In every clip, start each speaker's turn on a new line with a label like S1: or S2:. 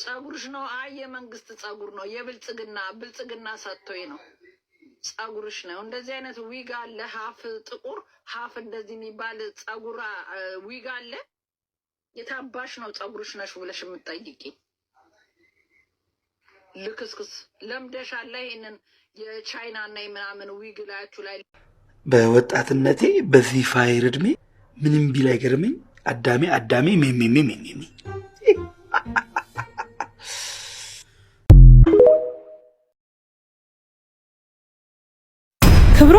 S1: ጸጉርሽ ነው። አይ የመንግስት ጸጉር ነው፣ የብልጽግና ብልጽግና ሰጥቶኝ ነው። ጸጉርሽ ነው። እንደዚህ አይነት ዊግ አለ፣ ሀፍ ጥቁር ሀፍ እንደዚህ የሚባል ጸጉር ዊግ አለ። የታባሽ ነው ጸጉርሽ ነሽ ብለሽ የምጠይቂ ልክስክስ ለምደሻል። ላይ ይህንን የቻይና እና የምናምን ዊግ ላያችሁ ላይ
S2: በወጣትነቴ በዚህ ፋይር እድሜ ምንም ቢል አይገርመኝ። አዳሜ አዳሜ ሜሜሜ ሜሜሜ
S3: ክብሮ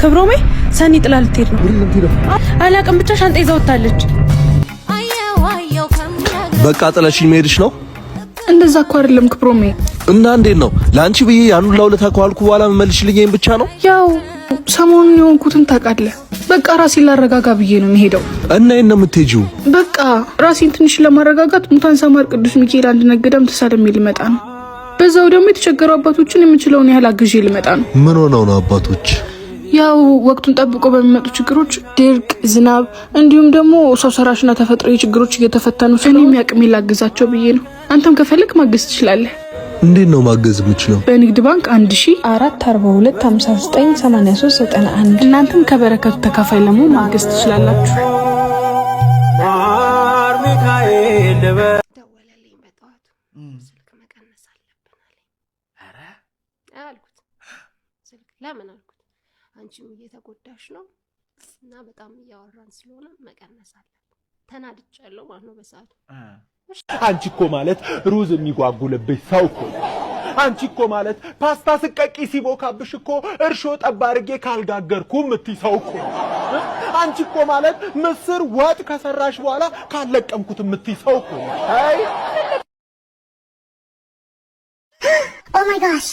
S3: ክብሮሜ ሰኒ ጥላ ልትሄድ ነው። አላቅም ብቻ ሻንጣ ይዛ ወጣለች።
S2: በቃ ጥለሽኝ መሄድሽ ነው?
S3: እንደዛ እኮ አይደለም ክብሮሜ።
S2: እና እንዴት ነው ለአንቺ ብዬ ያን ሁላ ውለታ ከዋልኩ በኋላ መመልሽልኝ ብቻ ነው?
S3: ያው ሰሞኑን የሆንኩትን ታውቃለህ። በቃ ራሴን ላረጋጋ ብዬ ነው የሚሄደው
S2: እና የት ነው የምትሄጂው?
S3: በቃ ራሴን ትንሽ ለማረጋጋት ሙታን ሳማር ቅዱስ ሚካኤል አንድ ነገዳም ተሳልሜ ልመጣ ነው። በዛው ደግሞ የተቸገሩ አባቶችን የምችለውን ያህል አግዤ ልመጣ ነው።
S2: ምን ሆነው ነው አባቶች?
S3: ያው ወቅቱን ጠብቆ በሚመጡ ችግሮች ድርቅ፣ ዝናብ እንዲሁም ደግሞ ሰው ሰራሽና ተፈጥሮ ችግሮች እየተፈተኑ ስለሆነ እኔም ያቅሜ ላግዛቸው ብዬ ነው። አንተም ከፈለግ ማገዝ ትችላለህ።
S2: እንዴት ነው ማገዝ የምችለው?
S3: በንግድ ባንክ 1ሺ
S4: 1442598391
S3: እናንተም ከበረከቱ ተካፋይ ለመሆን ማገዝ ትችላላችሁ። አልኩት።
S2: ስልክ ለምን አልኩት። አንቺም እየተጎዳሽ ነው እና በጣም እያወራን ስለሆነ መቀነስ አለ። ተናድቻለሁ ማለት ነው በሰዓቱ። አንቺ እኮ ማለት ሩዝ የሚጓጉልብሽ ሰው እኮ አንቺ እኮ ማለት ፓስታ ስቀቂ ሲቦካብሽ እኮ እርሾ ጠብ አድርጌ ካልጋገርኩ እምትይ ሰው እኮ አንቺ እኮ ማለት ምስር ወጥ ከሰራሽ በኋላ ካለቀምኩት እምትይ ሰው እኮ አይ
S5: ኦ ማይ ጋሽ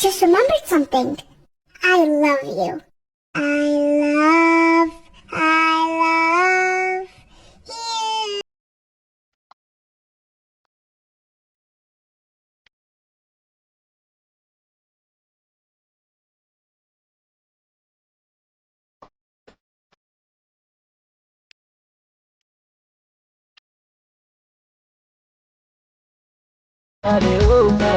S5: just remembered something. I love you. I love, I love you.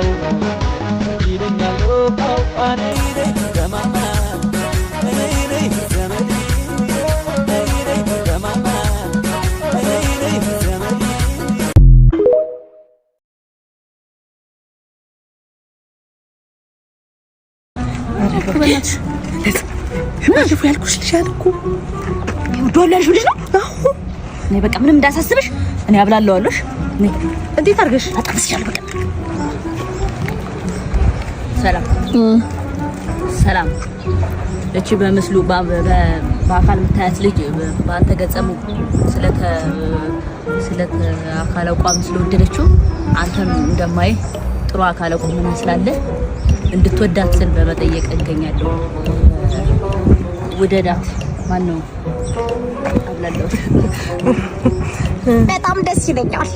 S5: ባለፉ ያልኩሽ ልጅ አለ እኮ ዶላሽ ልጅ ነው። አሁን እኔ በቃ ምንም እንዳሳስብሽ እኔ አብላለዋለሽ። እንዴት አድርገሽ አጣምስሻለሁ። በቃ ሰላም ሰላም። እቺ በምስሉ በአካል የምታያት ልጅ በአንተ ገጸሙ ስለተ ስለተ አካል አቋም ስለወደደችው አንተም እንደማይ ጥሩ አካል አቋም ስላለ እንድትወዳት ስል በመጠየቅ እገኛለሁ። ውደዳት። ማን ነው አብላለሁ። በጣም ደስ ይለኛል።